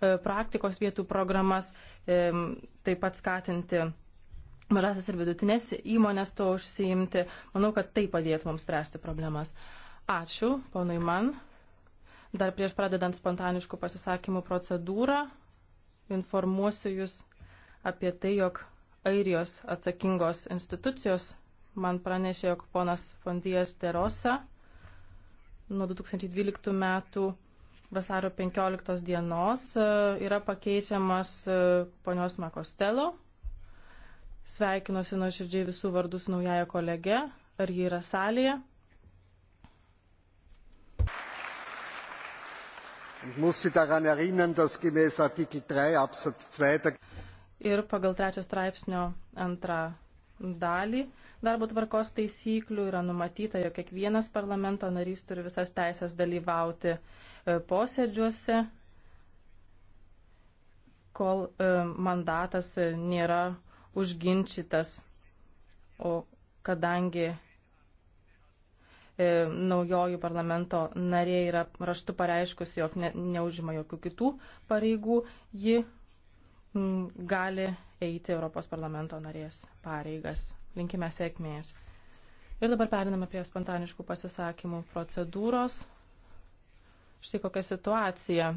E, praktikos vietų programas, e, taip pat skatinti mažasias ir vidutinės įmonės to užsiimti. Manau, kad tai padėtų mums spręsti problemas. Ačiū, ponui man. Dar prieš pradedant spontaniškų pasisakymų procedūrą, informuosiu Jūs apie tai, jog Airijos atsakingos institucijos man pranešė, jog ponas Fondijas Terosa nuo 2012 metų vasario 15 dienos e, yra pakeisiamas e, ponios Makostelo. Sveikinuosi nuoširdžiai visų vardus naująją kolegę. Ar ji yra salėje? Ir pagal trečią straipsnio antrą dalį darbo tvarkos taisyklių yra numatyta, jog kiekvienas parlamento narys turi visas teisės dalyvauti e, posėdžiuose, kol e, mandatas nėra užginčytas. O kadangi e, naujoji parlamento narė yra raštu pareiškusi, jog ne, neužima jokių kitų pareigų, ji gali eiti Europos parlamento narės pareigas. Linkime sėkmės. Ir dabar periname prie spontaniškų pasisakymų procedūros. Štai kokia situacija.